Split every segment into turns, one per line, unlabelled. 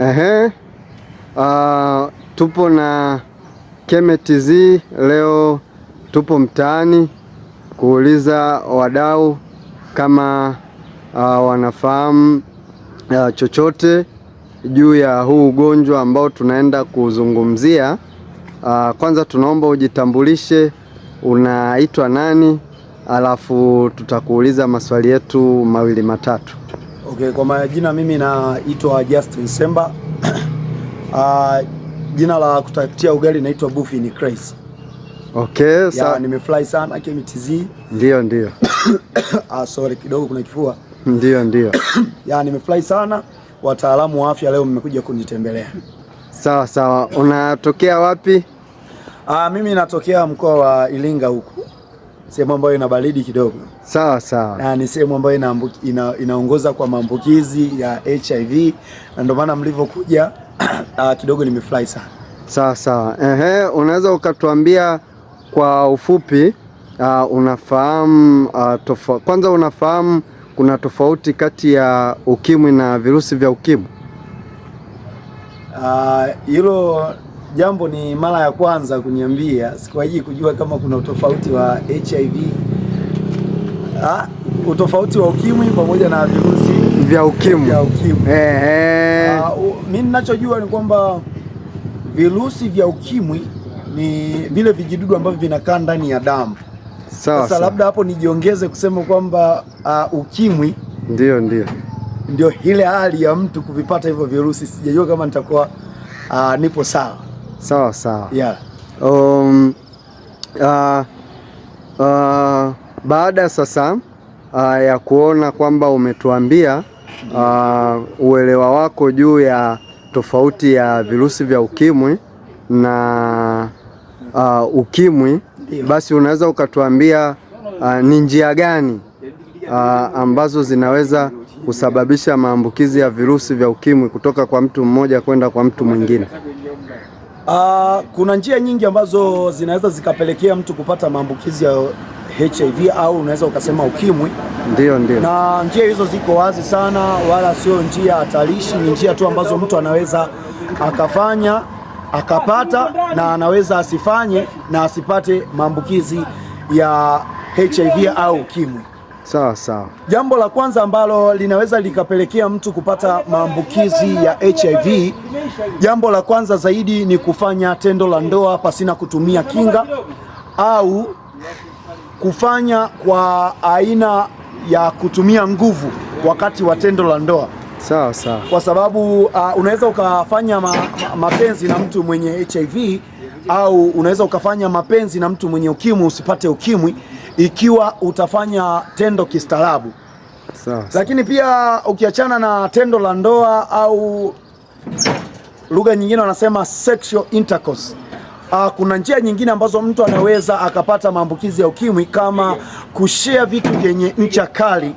Ehe. Uh, tupo na KEMETZ leo, tupo mtaani kuuliza wadau kama uh, wanafahamu uh, chochote juu ya huu ugonjwa ambao tunaenda kuzungumzia. Uh, kwanza tunaomba ujitambulishe, unaitwa nani, alafu tutakuuliza maswali yetu mawili matatu.
Okay, kwa majina mimi naitwa Justin Semba. Uh, jina la kutafutia ugali naitwa Buffy ni Crazy. Okay, sawa. Nimefurahi sana KMTZ. Ndio, ndio. Ah, sorry kidogo kuna kifua. Ndio, ndio. Ya, nimefurahi sana wataalamu wa afya leo mmekuja kunitembelea. Sawa sawa. Unatokea wapi? Ah, mimi natokea mkoa wa Iringa huku sehemu ambayo ina baridi kidogo, sawa sawa, na ni sehemu ambayo ina, ina, inaongoza kwa maambukizi ya HIV na ndio maana mlivyokuja ah, kidogo nimefurahi sana.
Sawa sawa, ehe, unaweza ukatuambia kwa ufupi uh, unafahamu uh, ah, tofa, kwanza unafahamu kuna tofauti kati ya ukimwi na virusi vya ukimwi
hilo? Uh, jambo ni mara ya kwanza kuniambia, sikuwahi kujua kama kuna utofauti wa HIV ha? Ah, utofauti wa ukimwi pamoja na virusi vya ukimwi vya ukimwi. Eh, ah, mimi ninachojua ni kwamba virusi vya ukimwi ni vile vijidudu ambavyo vinakaa ndani ya damu.
Sasa labda
hapo nijiongeze kusema kwamba uh, ukimwi ndio ndio ndio ile hali ya mtu kuvipata hivyo virusi. Sijajua kama nitakuwa uh, nipo sawa
sawa sawa, yeah. Um, uh, uh, baada sasa uh, ya kuona kwamba umetuambia uh, uelewa wako juu ya tofauti ya virusi vya ukimwi na uh, ukimwi, basi unaweza ukatuambia uh, ni njia gani uh, ambazo zinaweza kusababisha maambukizi ya virusi vya ukimwi kutoka kwa mtu mmoja kwenda kwa mtu mwingine?
Uh, kuna njia nyingi ambazo zinaweza zikapelekea mtu kupata maambukizi ya HIV au unaweza ukasema ukimwi. Ndio, ndio. Na njia hizo ziko wazi sana, wala sio njia hatarishi, ni njia tu ambazo mtu anaweza akafanya akapata, na anaweza asifanye na asipate maambukizi ya HIV au ukimwi. Sawa sawa. Jambo la kwanza ambalo linaweza likapelekea mtu kupata maambukizi ya HIV, jambo la kwanza zaidi ni kufanya tendo la ndoa pasina kutumia kinga au kufanya kwa aina ya kutumia nguvu wakati wa tendo la ndoa. Sawa sawa. Kwa sababu uh, unaweza ukafanya ma, ma, mapenzi na mtu mwenye HIV au unaweza ukafanya mapenzi na mtu mwenye ukimwi usipate ukimwi ikiwa utafanya tendo kistaarabu. Sawa. Lakini pia ukiachana na tendo la ndoa au lugha nyingine wanasema sexual intercourse. Uh, kuna njia nyingine ambazo mtu anaweza akapata maambukizi ya ukimwi kama kushea vitu vyenye ncha kali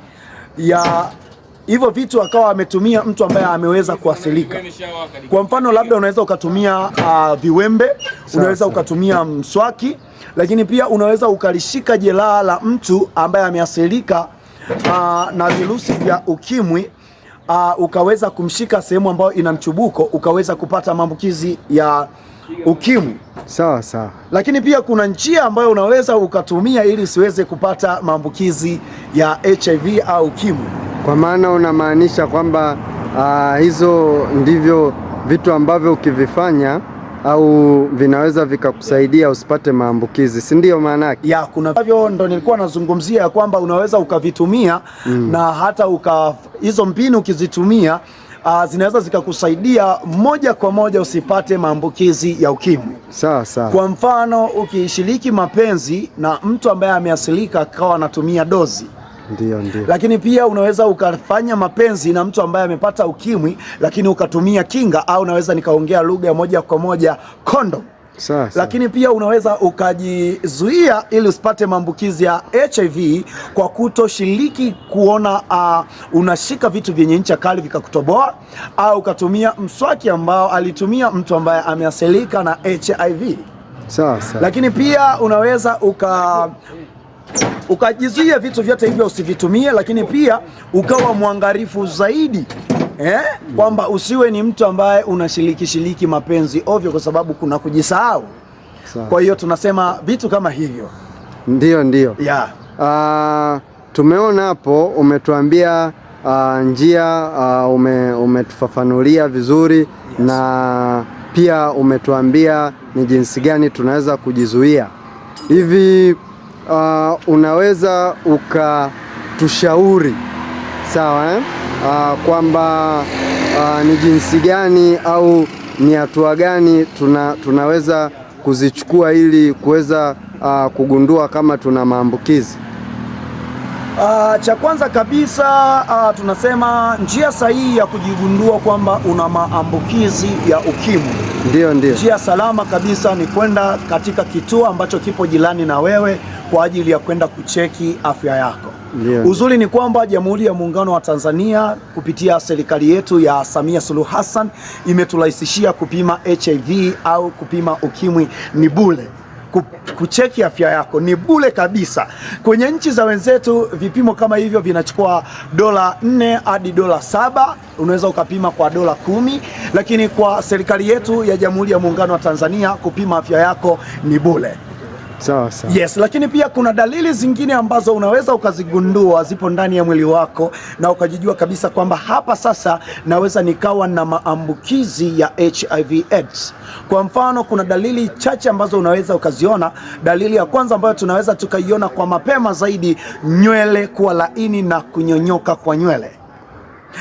ya hivyo vitu akawa ametumia mtu ambaye ameweza kuathirika. Kwa mfano, labda unaweza ukatumia uh, viwembe, unaweza ukatumia mswaki, lakini pia unaweza ukalishika jeraha la mtu ambaye ameathirika uh, na virusi vya ukimwi uh, ukaweza kumshika sehemu ambayo ina mchubuko, ukaweza kupata maambukizi ya ukimwi. Sawa sawa. Lakini pia kuna njia ambayo unaweza ukatumia ili siweze kupata maambukizi ya HIV au ukimwi kwa
maana unamaanisha kwamba uh, hizo ndivyo vitu ambavyo ukivifanya au vinaweza vikakusaidia
usipate maambukizi, si ndio? Maana yake ya kuna hivyo, ndo nilikuwa nazungumzia ya kwamba unaweza ukavitumia mm. na hata uka hizo mbinu ukizitumia Uh, zinaweza zikakusaidia moja kwa moja usipate maambukizi ya ukimwi. Sawa sawa. Kwa mfano ukishiriki mapenzi na mtu ambaye ameasilika akawa anatumia dozi Ndiyo, ndiyo. Lakini pia unaweza ukafanya mapenzi na mtu ambaye amepata ukimwi lakini ukatumia kinga, au unaweza nikaongea lugha moja kwa moja kondom. Sa, sa. Lakini pia unaweza ukajizuia ili usipate maambukizi ya HIV kwa kutoshiriki kuona, uh, unashika vitu vyenye ncha kali vikakutoboa, au ukatumia mswaki ambao alitumia mtu ambaye ameasilika na HIV.
Sa, sa. Lakini
pia unaweza uka ukajizuia vitu vyote hivyo usivitumie, lakini pia ukawa mwangalifu zaidi eh, kwamba usiwe ni mtu ambaye unashiriki shiriki mapenzi ovyo, kwa sababu kuna kujisahau. Kwa hiyo tunasema vitu kama hivyo
ndio ndio, yeah.
Uh,
tumeona hapo umetuambia uh, njia uh, ume, umetufafanulia vizuri yes. Na pia umetuambia ni jinsi gani tunaweza kujizuia hivi uh, unaweza ukatushauri sawa, eh? uh, kwamba uh, ni jinsi gani au ni hatua gani tuna, tunaweza kuzichukua ili kuweza uh, kugundua kama tuna maambukizi.
Uh, cha kwanza kabisa uh, tunasema njia sahihi ya kujigundua kwamba una maambukizi ya UKIMWI. Ndio, ndio. Njia salama kabisa ni kwenda katika kituo ambacho kipo jirani na wewe kwa ajili ya kwenda kucheki afya yako.
Ndio. Uzuri
ni kwamba Jamhuri ya Muungano wa Tanzania kupitia serikali yetu ya Samia Suluhu Hassan imeturahisishia kupima HIV au kupima UKIMWI ni bure kucheki afya yako ni bure kabisa. Kwenye nchi za wenzetu vipimo kama hivyo vinachukua dola nne hadi dola saba unaweza ukapima kwa dola kumi, lakini kwa serikali yetu ya Jamhuri ya Muungano wa Tanzania kupima afya yako ni bure sawa sawa. Yes, lakini pia kuna dalili zingine ambazo unaweza ukazigundua zipo ndani ya mwili wako na ukajijua kabisa kwamba hapa sasa naweza nikawa na maambukizi ya HIV AIDS. Kwa mfano, kuna dalili chache ambazo unaweza ukaziona. Dalili ya kwanza ambayo tunaweza tukaiona kwa mapema zaidi, nywele kuwa laini na kunyonyoka kwa nywele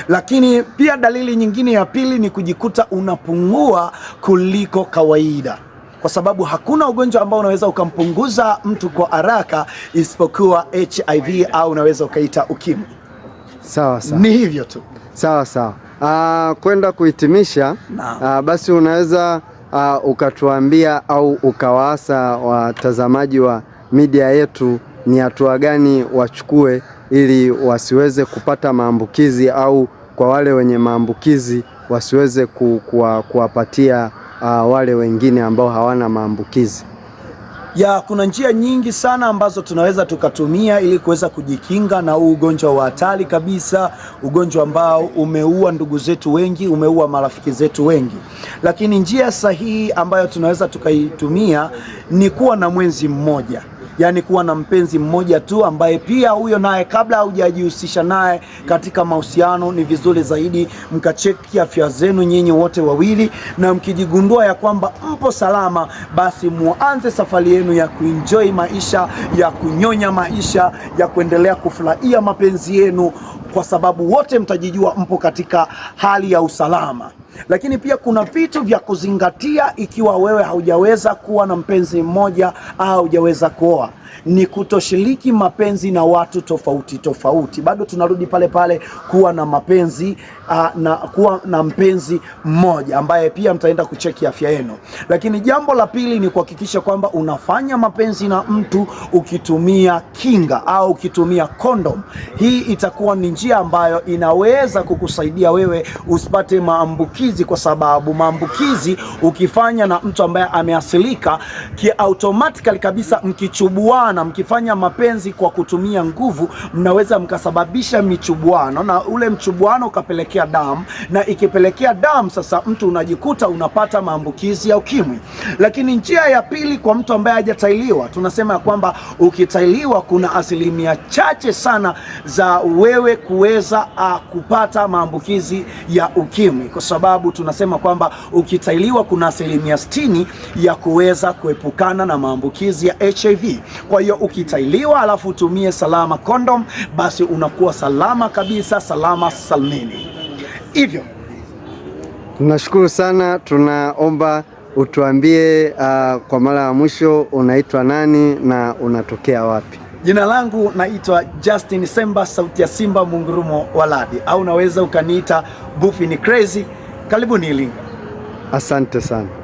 lakini pia dalili nyingine ya pili ni kujikuta unapungua kuliko kawaida kwa sababu hakuna ugonjwa ambao unaweza ukampunguza mtu kwa haraka isipokuwa HIV au unaweza ukaita ukimwi.
Sawa sawa, ni hivyo tu. Sawa sawa.
Uh, kwenda
kuhitimisha uh, basi unaweza uh, ukatuambia au ukawaasa watazamaji wa media yetu ni hatua gani wachukue ili wasiweze kupata maambukizi au kwa wale wenye maambukizi wasiweze ku, kuwa, kuwapatia uh, wale wengine ambao hawana maambukizi?
Ya, kuna njia nyingi sana ambazo tunaweza tukatumia ili kuweza kujikinga na huu ugonjwa wa hatari kabisa, ugonjwa ambao umeua ndugu zetu wengi, umeua marafiki zetu wengi. Lakini njia sahihi ambayo tunaweza tukaitumia ni kuwa na mwenzi mmoja yani kuwa na mpenzi mmoja tu ambaye pia huyo naye kabla hujajihusisha naye katika mahusiano, ni vizuri zaidi mkacheki afya zenu nyinyi wote wawili, na mkijigundua ya kwamba mpo salama, basi muanze safari yenu ya kuenjoy maisha, ya kunyonya maisha, ya kuendelea kufurahia mapenzi yenu, kwa sababu wote mtajijua mpo katika hali ya usalama. Lakini pia kuna vitu vya kuzingatia ikiwa wewe haujaweza kuwa na mpenzi mmoja au haujaweza kuoa, ni kutoshiriki mapenzi na watu tofauti tofauti. Bado tunarudi pale pale kuwa na mapenzi aa, na kuwa na mpenzi mmoja ambaye pia mtaenda kucheki afya yenu. Lakini jambo la pili ni kuhakikisha kwamba unafanya mapenzi na mtu ukitumia kinga au ukitumia kondom. Hii itakuwa ni njia ambayo inaweza kukusaidia wewe usipate maambukizi maambukizi, kwa sababu maambukizi ukifanya na mtu ambaye ameasilika kiautomatikali kabisa, mkichubuana, mkifanya mapenzi kwa kutumia nguvu, mnaweza mkasababisha michubuano na ule mchubuano ukapelekea damu, na ikipelekea damu, sasa mtu unajikuta unapata maambukizi ya UKIMWI. Lakini njia ya pili kwa mtu ambaye hajatailiwa, tunasema ya kwamba ukitailiwa, kuna asilimia chache sana za wewe kuweza ah, kupata maambukizi ya UKIMWI kwa sababu sababu tunasema kwamba ukitailiwa kuna asilimia 60 ya kuweza kuepukana na maambukizi ya HIV. Kwa hiyo ukitailiwa alafu utumie salama kondom, basi unakuwa salama kabisa, salama salmini. Hivyo
tunashukuru sana, tunaomba utuambie uh, kwa mara ya mwisho unaitwa nani na unatokea wapi?
Jina langu naitwa Justin Semba, sauti ya Simba, mungurumo wa Ladi, au unaweza ukaniita Bufi ni Crazy. Karibu Nilinga.
Asante sana.